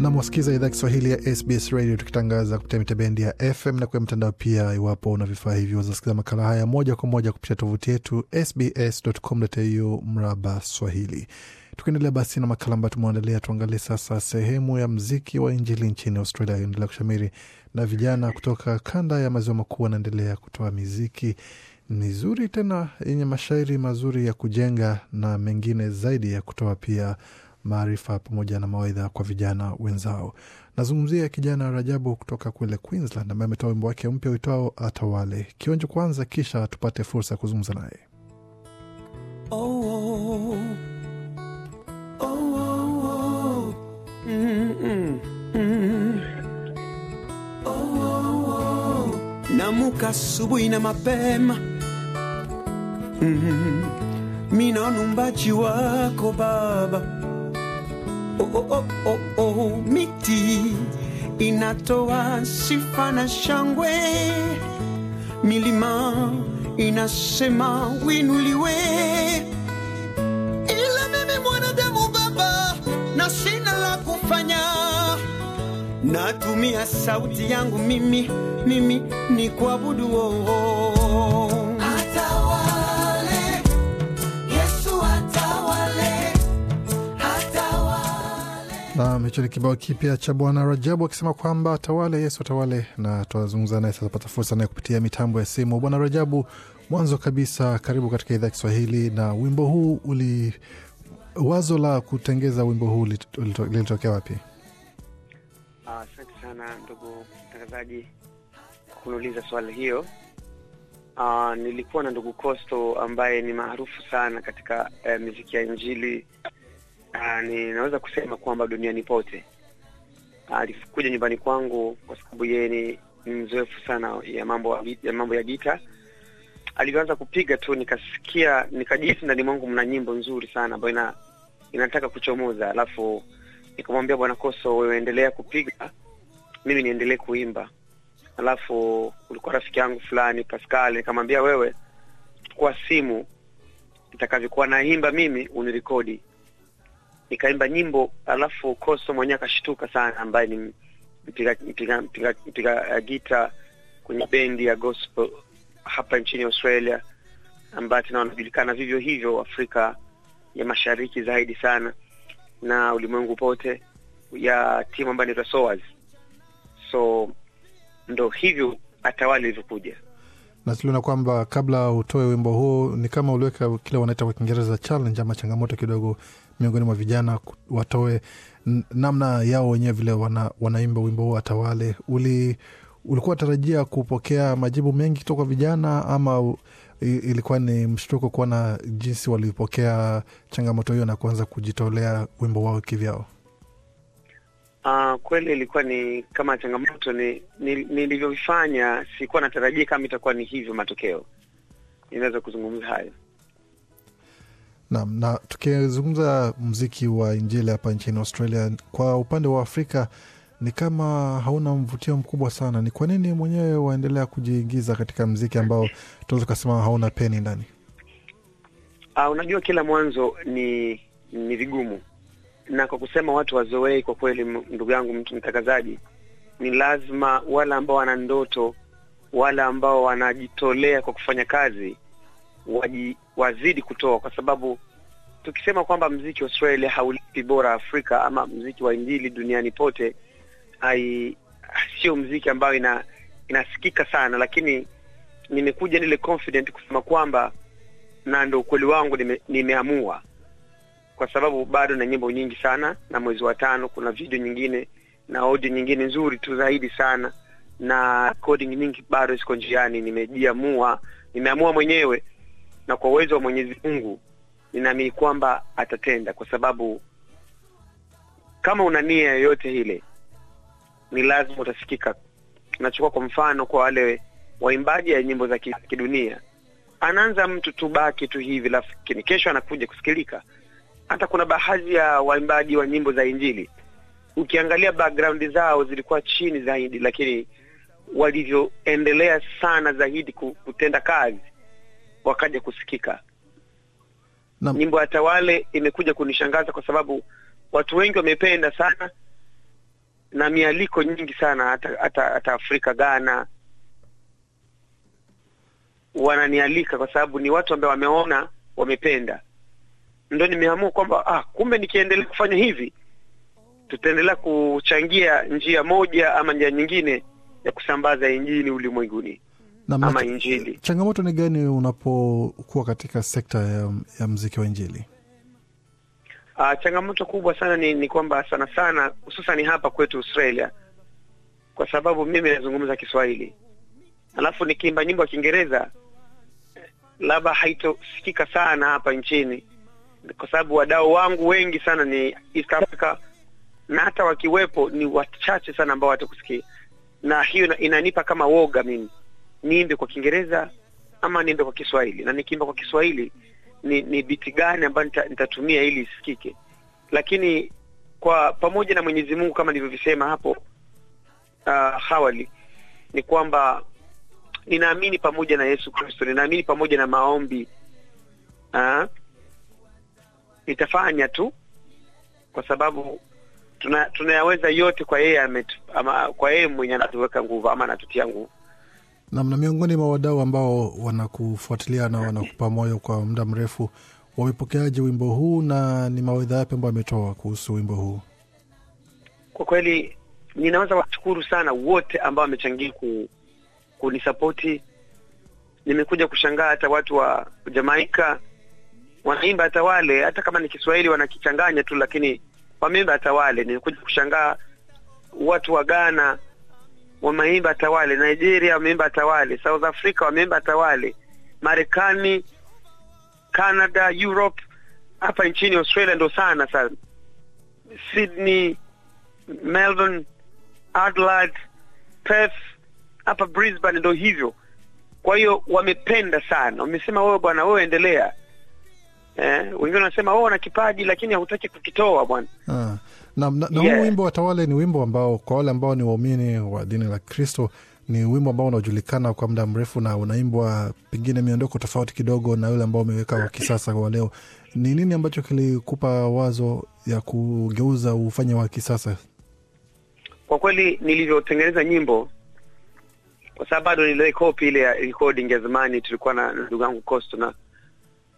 na mwasikiza idhaa Kiswahili ya SBS Radio tukitangaza kupitia mitabendi ya FM na kwenye mtandao pia. Iwapo una vifaa hivyo, wazasikiza makala haya moja kwa moja kupitia tovuti yetu sbs.com.au mraba Swahili. Tukiendelea basi na makala ambayo tumeandalia, tuangalie sasa sehemu ya mziki wa Injili nchini Australia inaendelea kushamiri na vijana kutoka kanda ya maziwa makuu wanaendelea kutoa miziki mizuri tena yenye mashairi mazuri ya kujenga na mengine zaidi ya kutoa pia maarifa pamoja na mawaidha kwa vijana wenzao. Nazungumzia kijana Rajabu kutoka kule Queensland ambaye ametoa wimbo wake mpya uitwao Atawale. Kionjo kwanza, kisha tupate fursa ya kuzungumza naye. oh, oh, oh, oh, mm -mm, mm. oh, oh, oh. Namuka asubuhi na mapema mm. Mina numbaji wako Baba Oh, oh, oh, oh, oh, miti inatoa sifa na shangwe, milima inasema winuliwe. Ila mimi mwanadamu Baba, na sina la kufanya, natumia sauti yangu mimi, mimi ni kuabudu oh, oh. Nam, hicho ni kibao kipya cha Bwana Rajabu akisema kwamba tawale Yesu atawale, na tuwazungumza naye sasa, pata fursa naye kupitia mitambo ya simu. Bwana Rajabu, mwanzo kabisa, karibu katika idhaa ya Kiswahili. Na wimbo huu uli, wazo la kutengeza wimbo huu lilitokea wapi? Asante uh, sana ndugu mtangazaji kwa kuniuliza swali hiyo. Uh, nilikuwa na ndugu Kosto ambaye ni maarufu sana katika uh, eh, miziki ya Injili Aa, ah, ninaweza kusema kwamba duniani pote ah, alikuja nyumbani kwangu kwa sababu yeye ni, mzoefu sana ya mambo ya mambo ya gita. Alivyoanza kupiga tu nikasikia nikajisi ndani mwangu mna nyimbo nzuri sana ambayo ina, inataka kuchomoza, alafu nikamwambia Bwana Koso, wewe endelea kupiga, mimi niendelee kuimba. Alafu ulikuwa rafiki yangu fulani Pascal, nikamwambia wewe, kwa simu, nitakavyokuwa naimba mimi unirekodi nikaimba nyimbo alafu Koso mwenyewe akashtuka sana, ambaye ni mpiga mpiga mpiga mpiga eh, gita kwenye bendi ya gospel hapa nchini Australia, ambaye tena wanajulikana vivyo hivyo Afrika ya Mashariki zaidi sana na ulimwengu pote, ya timu ambayo inaitwa So ndo hivyo atawali ilivyokuja na tuliona kwamba kabla utoe wimbo huo ni kama uliweka kile wanaita kwa Kiingereza challenge ama changamoto kidogo miongoni mwa vijana watoe namna yao wenyewe vile wana, wanaimba wimbo huo hata wale uli ulikuwa tarajia kupokea majibu mengi kutoka kwa vijana ama ilikuwa ni mshtuko kuona jinsi walipokea changamoto hiyo na kuanza kujitolea wimbo wao kivyao? Uh, kweli ilikuwa ni kama changamoto ni ni, ni sikuwa natarajia kama itakuwa ni hivyo matokeo. Inaweza kuzungumza hayo nam. Na tukizungumza mziki wa injili hapa nchini Australia, kwa upande wa Afrika ni kama hauna mvutio mkubwa sana. Ni kwa nini mwenyewe waendelea kujiingiza katika mziki ambao tunaweza kusema hauna peni ndani? Uh, unajua kila mwanzo ni ni vigumu na kwa kusema watu wazoei, kwa kweli, ndugu yangu mtu mtangazaji, ni lazima wale ambao wana ndoto, wale ambao wanajitolea kwa kufanya kazi waji, wazidi kutoa, kwa sababu tukisema kwamba mziki wa Australia haulipi bora Afrika ama mziki wa injili duniani pote, hai sio mziki ambayo ina, inasikika sana, lakini nimekuja nile confident kusema kwamba na ndo ukweli wangu nime, nimeamua kwa sababu bado na nyimbo nyingi sana, na mwezi wa tano kuna video nyingine na audio nyingine nzuri tu zaidi sana, na coding nyingi bado ziko njiani. Nimejiamua, nimeamua mwenyewe na kwa uwezo wa Mwenyezi Mungu ninaamini kwamba atatenda, kwa sababu kama una nia yoyote ile ni lazima utasikika. Nachukua kwa mfano kwa wale waimbaji ya nyimbo za kidunia, anaanza mtu tu baki tu hivi, lafu kesho anakuja kusikilika hata kuna baadhi ya waimbaji wa nyimbo za Injili ukiangalia background zao zilikuwa chini zaidi, lakini walivyoendelea sana zaidi kutenda kazi wakaja kusikika. Na nyimbo ya Tawale imekuja kunishangaza kwa sababu watu wengi wamependa sana na mialiko nyingi sana hata, hata, hata Afrika, Ghana wananialika kwa sababu ni watu ambao wameona wamependa ndo nimeamua kwamba ah, kumbe nikiendelea kufanya hivi tutaendelea kuchangia njia moja ama njia nyingine ya kusambaza injili ulimwenguni ama injili. Changamoto ni gani unapokuwa katika sekta ya, ya mziki wa injili? Ah, changamoto kubwa sana ni, ni kwamba sana sana hususan hapa kwetu Australia, kwa sababu mimi nazungumza Kiswahili alafu nikiimba nyimbo ya Kiingereza eh, labda haitosikika sana hapa nchini kwa sababu wadau wangu wengi sana ni East Africa na hata wakiwepo ni wachache sana ambao watakusikia, na hiyo inanipa kama woga mimi niimbe kwa Kiingereza ama niimbe kwa Kiswahili, na nikiimba kwa Kiswahili ni, ni biti gani ambayo nita, nitatumia ili isikike. Lakini kwa pamoja na Mwenyezi Mungu kama nilivyovisema hapo uh, awali ni kwamba ninaamini pamoja na Yesu Kristo, ninaamini pamoja na maombi uh, nitafanya tu kwa sababu tuna, tunayaweza yote kwa yeye ametu, ama, kwa yeye mwenye anatuweka nguvu ama anatutia nguvu nam. Na miongoni mwa wadau ambao wanakufuatilia na wanakupa moyo kwa muda mrefu, wamepokeaje wimbo huu na ni mawaidha yapi ambayo ametoa kuhusu wimbo huu? Kwa kweli ninaweza washukuru sana wote ambao wamechangia ku, kunisapoti. Nimekuja kushangaa hata watu wa Jamaika wanaimba hata wale, hata kama ni Kiswahili wanakichanganya tu, lakini wameimba hata wale. Nilikuja kushangaa watu wa Ghana wameimba hata wale, Nigeria wameimba hata wale, South Africa wameimba hata wale, Marekani, Canada, Europe, hapa nchini Australia ndo sana sana, Sydney, Melbourne, Adelaide, Perth, hapa Brisbane ndo hivyo. Kwa hiyo wamependa sana, wamesema wewe bwana, wewe endelea eh, wengine wanasema wao oh, wana kipaji lakini hautaki kukitoa bwana. Ah, na, na, na yeah. Wimbo wa Tawale ni wimbo ambao kwa wale ambao ni waumini wa dini la Kristo ni wimbo ambao unajulikana kwa muda mrefu na unaimbwa pengine miondoko tofauti kidogo na yule ambao umeweka wa kisasa wa leo. Ni nini ambacho kilikupa wazo ya kugeuza ufanye wa kisasa? Kwa kweli nilivyotengeneza nyimbo, kwa sababu bado nilikopi ile ya recording ya zamani, tulikuwa na ndugu yangu Costo na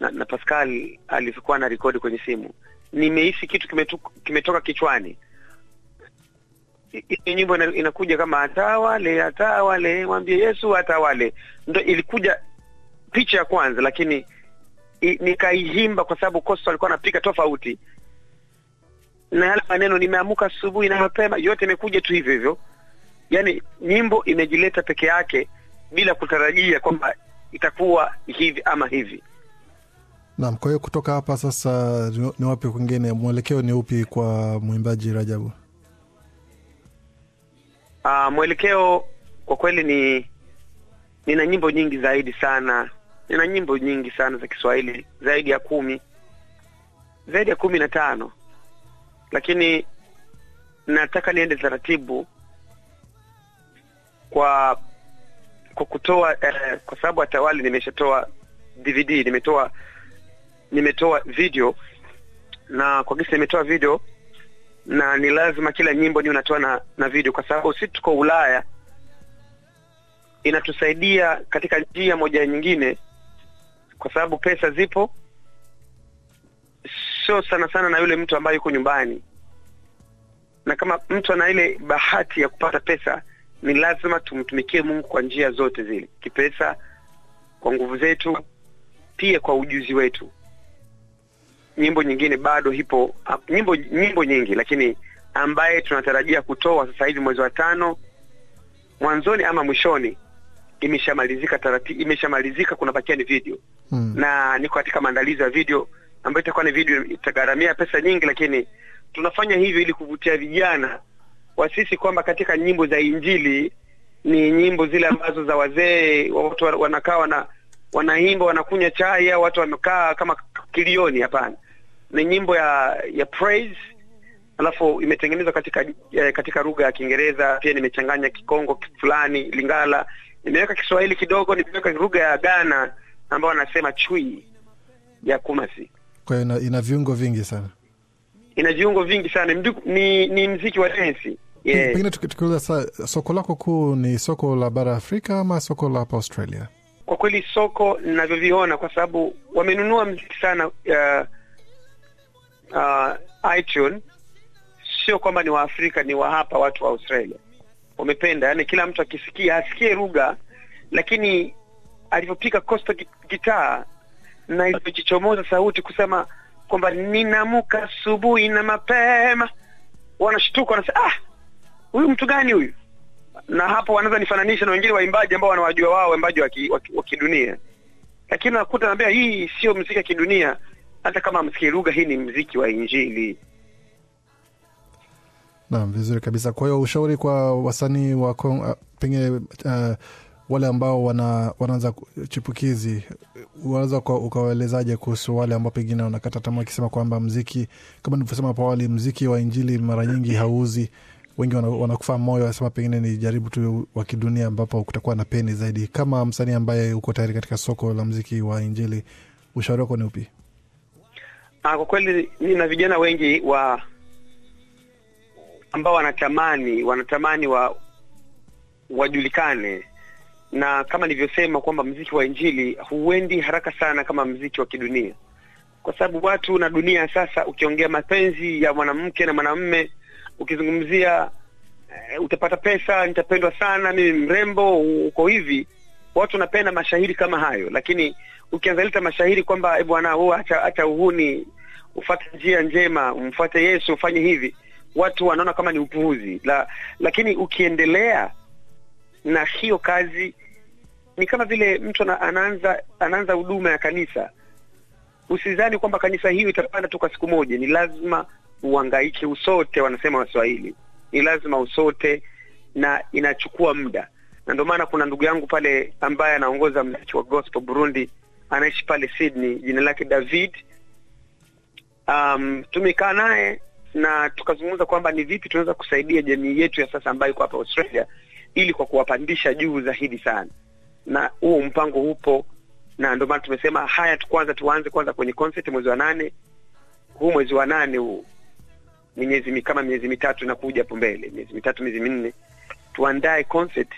na, na Pascal alivyokuwa na rekodi kwenye simu, nimehisi kitu kimetu, kimetoka kichwani. Ile nyimbo inakuja kama atawale atawale, mwambie Yesu atawale, ndo ilikuja picha ya kwanza, lakini nikaihimba kwa sababu Costa alikuwa anapika tofauti na yale maneno. Nimeamuka asubuhi na mapema, yote imekuja tu hivyo hivyo, yaani nyimbo imejileta peke yake bila kutarajia kwamba itakuwa hivi ama hivi. Naam, kwa hiyo kutoka hapa sasa ni wapi kwingine, mwelekeo ni upi kwa mwimbaji Rajabu? Uh, mwelekeo kwa kweli ni nina nyimbo nyingi zaidi sana, nina nyimbo nyingi sana za Kiswahili zaidi ya kumi, zaidi ya kumi na tano, lakini nataka niende taratibu kwa kwa kutoa eh, kwa sababu Atawali nimeshatoa DVD, nimetoa nimetoa video na kwa kisa nimetoa video na ni lazima kila nyimbo ni unatoa na, na video kwa sababu sisi tuko Ulaya inatusaidia katika njia moja nyingine kwa sababu pesa zipo sio sana sana na yule mtu ambaye yuko nyumbani na kama mtu ana ile bahati ya kupata pesa ni lazima tumtumikie Mungu kwa njia zote zile kipesa kwa nguvu zetu pia kwa ujuzi wetu nyimbo nyingine bado hipo ah, nyimbo nyimbo nyingi, lakini ambaye tunatarajia kutoa sasa hivi mwezi wa tano mwanzoni ama mwishoni imeshamalizika taratibu, imeshamalizika kunabakia ni video hmm. na niko katika maandalizi ya video ambayo itakuwa ni video itagharamia pesa nyingi, lakini tunafanya hivyo ili kuvutia vijana wasisi kwamba katika nyimbo za Injili ni nyimbo zile ambazo za wazee, watu wanakaa wana wanaimba wanakunywa chai au watu wamekaa kama kilioni. Hapana ni nyimbo ya ya praise alafu imetengenezwa katika eh, katika lugha ya Kiingereza pia nimechanganya Kikongo fulani Lingala, nimeweka Kiswahili kidogo, nimeweka lugha ya Ghana ambayo wanasema chui ya Kumasi. Kwa hiyo ina, ina viungo vingi sana, ina viungo vingi sana Mdu, ni, ni mziki wa densi yeah. Pengine tukiuliza soko lako kuu ni soko la bara Afrika ama soko la hapa Australia? Kwa kweli soko ninavyoviona, kwa sababu wamenunua mziki sana uh, uh, iTunes sio kwamba ni Waafrika, ni wa hapa watu wa Australia wamependa, yani kila mtu akisikia asikie lugha, lakini alivyopiga Costa gitaa na ilivyojichomoza sauti kusema kwamba ninamuka asubuhi na mapema, wanashtuka wanasema, ah, huyu mtu gani huyu? Na hapo wanaweza nifananisha na wengine waimbaji ambao wanawajua wao waimbaji wa kidunia, lakini nakuta naambia hii sio muziki wa kidunia hata kama msikii lugha, hii ni mziki wa Injili. nam vizuri kabisa. Kwa hiyo ushauri kwa wasanii wa uh, pengine uh, wale ambao wana, wanaanza chipukizi, unaweza ukawaelezaje kuhusu wale ambao pengine wanakata tama wakisema kwamba mziki kama nilivyosema hapo awali, mziki wa Injili mara nyingi hauzi, wengi wanakufa wana moyo, wanasema pengine ni jaribu tu wa kidunia, ambapo kutakuwa na peni zaidi. Kama msanii ambaye uko tayari katika soko la mziki wa Injili, ushauri wako ni upi? Ah, kwa kweli nina vijana wengi wa ambao wanatamani wanatamani wa wajulikane na kama nilivyosema kwamba mziki wa injili huendi haraka sana kama mziki wa kidunia, kwa sababu watu na dunia sasa, ukiongea mapenzi ya mwanamke na mwanamume, ukizungumzia e, utapata pesa, nitapendwa sana, mimi mrembo, uko hivi, watu wanapenda mashahiri kama hayo, lakini ukiangalia mashahiri kwamba eh, bwana huu acha, acha uhuni ufuate njia njema umfuate Yesu ufanye hivi, watu wanaona kama ni upuuzi la, lakini ukiendelea na hiyo kazi ni kama vile mtu anaanza anaanza huduma ya kanisa. Usizani kwamba kanisa hiyo itapanda tu kwa siku moja, ni lazima uhangaike, usote, wanasema Waswahili, ni lazima usote, na inachukua muda, na ndio maana kuna ndugu yangu pale ambaye anaongoza mziki wa gospel Burundi anaishi pale Sydney, jina lake David. Um, tumekaa naye na tukazungumza kwamba ni vipi tunaweza kusaidia jamii yetu ya sasa ambayo iko hapa Australia ili kwa kuwapandisha juu zaidi sana, na huo mpango upo, na ndio maana tumesema haya tu, kwanza tuanze kwanza kwenye concert mwezi wa nane huu, mwezi wa nane huu ni miezi kama miezi mitatu inakuja hapo mbele, miezi mitatu miezi minne, tuandae concert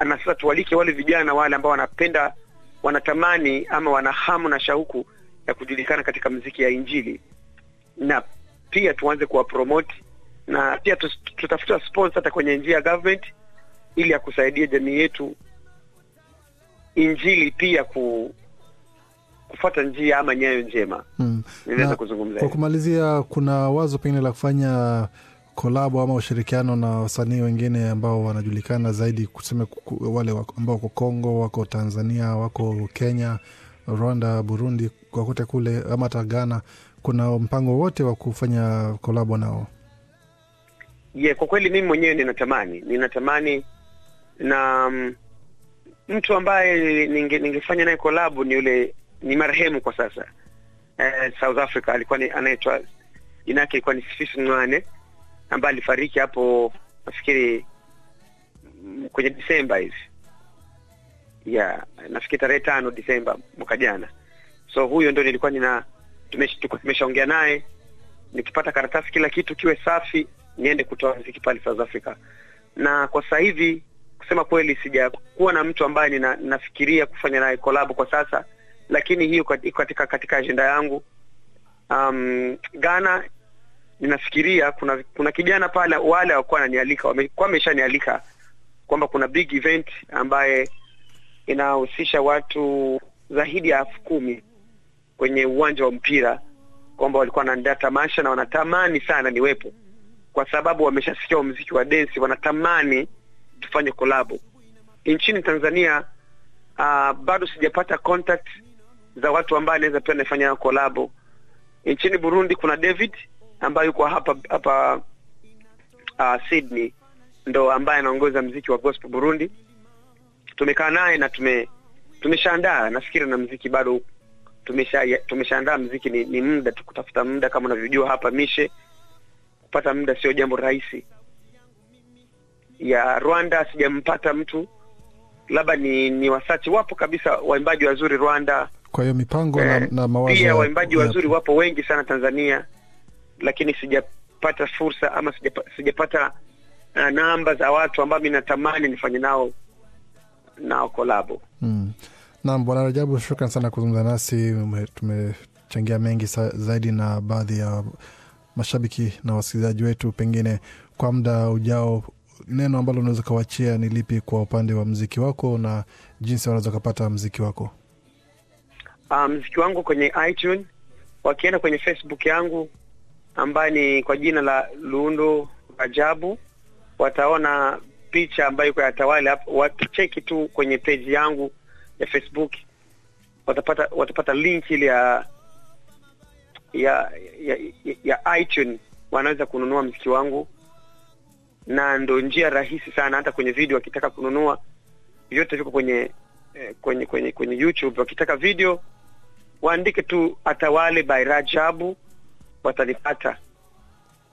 na sasa tuwalike wale vijana wale ambao wanapenda wanatamani ama wana hamu na shauku ya kujulikana katika mziki ya Injili, na pia tuanze kuwapromoti na pia tutafuta sponsor hata kwenye njia ya government ili ya kusaidia jamii yetu Injili pia ku kufata njia ama nyayo njema. Mm. Ninaweza kuzungumza kwa kumalizia, kuna wazo pengine la kufanya kolabo ama ushirikiano na wasanii wengine ambao wanajulikana zaidi, kuseme wale ambao wako Kongo, wako Tanzania, wako Kenya, Rwanda, Burundi, kokote kule ama hata Ghana, kuna mpango wote wa kufanya kolabo nao? Yeah, kwa kweli mimi mwenyewe ninatamani ninatamani na um, mtu ambaye ninge, ningefanya naye kolabo ni yule ni marehemu kwa sasa eh, South Africa alikuwa anaitwa jina yake ilikuwa ni Sifisi Mng'ane ambaye alifariki hapo nafikiri mm, kwenye Disemba hivi yeah, nafikiri tarehe tano Disemba mwaka jana. So huyo ndio nilikuwa nina tumeshaongea naye, nikipata karatasi kila kitu kiwe safi, niende kutoa muziki pale South Africa. Na kwa sasa hivi kusema kweli, sijakuwa na mtu ambaye nina, kufanya naye collab kwa sasa, lakini hiyo katika katika ajenda yangu. Um, Ghana ninafikiria kuna kuna kijana pale wale wakuwa wananialika wamekuwa wameshanialika kwamba kuna big event ambaye inahusisha watu zaidi ya elfu kumi kwenye uwanja wa mpira kwamba walikuwa wanaandaa tamasha na wanatamani sana niwepo kwa sababu wameshasikia mziki wa densi wanatamani tufanye kolabo nchini Tanzania uh, bado sijapata contact za watu ambao anaweza pia nafanya kolabo nchini Burundi kuna David ambaye yuko hapa hapa uh, Sydney ndo ambaye anaongoza mziki wa gospel Burundi. Tumekaa naye na tume tumeshaandaa nafikiri, na mziki bado tumesha tumeshaandaa mziki. Ni, ni muda tu kutafuta muda, kama unavyojua hapa mishe kupata muda sio jambo rahisi. Ya Rwanda sijampata mtu, labda ni ni wasachi, wapo kabisa waimbaji wazuri Rwanda. Kwa hiyo mipango eh, na, na mawazo pia waimbaji wazuri wapo wengi sana Tanzania lakini sijapata fursa ama sijapata, sijapata uh, eh, namba za watu ambao minatamani nifanye nao nao kolabo mm. Naam, Bwana Rajabu, shukran sana kuzungumza nasi. Tumechangia mengi zaidi na baadhi ya mashabiki na wasikilizaji wetu. Pengine kwa muda ujao, neno ambalo unaweza ukawachia ni lipi kwa upande wa mziki wako na jinsi wanaweza ukapata mziki wako? Uh, mziki wangu kwenye iTunes, wakienda kwenye Facebook yangu ambaye ni kwa jina la Lundu Rajabu, wataona picha ambayo iko ya Tawali hapo. Wakicheki tu kwenye peji yangu ya Facebook watapata watapata link ile ya ya ya, ya, ya iTunes, wanaweza kununua mziki wangu, na ndo njia rahisi sana. Hata kwenye video wakitaka kununua, vyote viko kwenye eh, kwenye kwenye kwenye YouTube. Wakitaka video waandike tu Atawale by Rajabu watanipata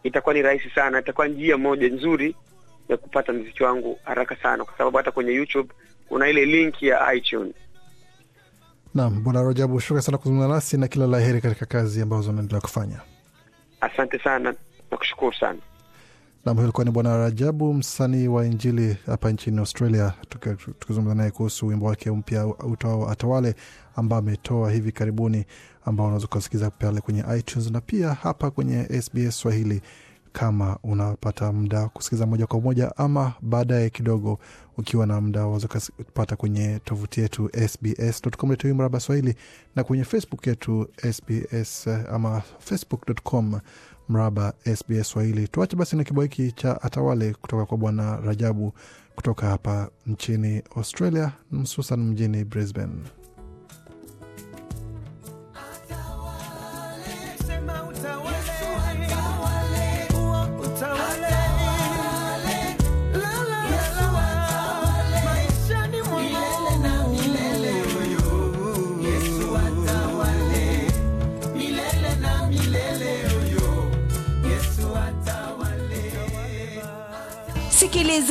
itakuwa ni rahisi sana, itakuwa njia moja nzuri ya kupata mziki wangu haraka sana, kwa sababu hata kwenye YouTube kuna ile link ya iTunes. nam Bwana Rajabu, shukran sana kuzungumza nasi na kila la heri katika kazi ambazo unaendelea kufanya. Asante sana, nakushukuru sana. Nam, huyo alikuwa ni Bwana Rajabu, msanii wa Injili hapa nchini Australia, tukizungumza naye kuhusu wimbo wake mpya utao atawale ambao ametoa hivi karibuni, ambao unaweza ukasikiza pale kwenye iTunes na pia hapa kwenye SBS Swahili kama unapata mda kusikiza moja kwa moja ama baadaye kidogo, ukiwa na mda waweza kupata kwenye tovuti yetu sbs.com.au mraba Swahili na kwenye Facebook yetu SBS eh, ama facebook.com mraba SBS Swahili. Tuache basi na kibao hiki cha Atawale kutoka kwa Bwana Rajabu kutoka hapa nchini Australia, hususan mjini Brisbane.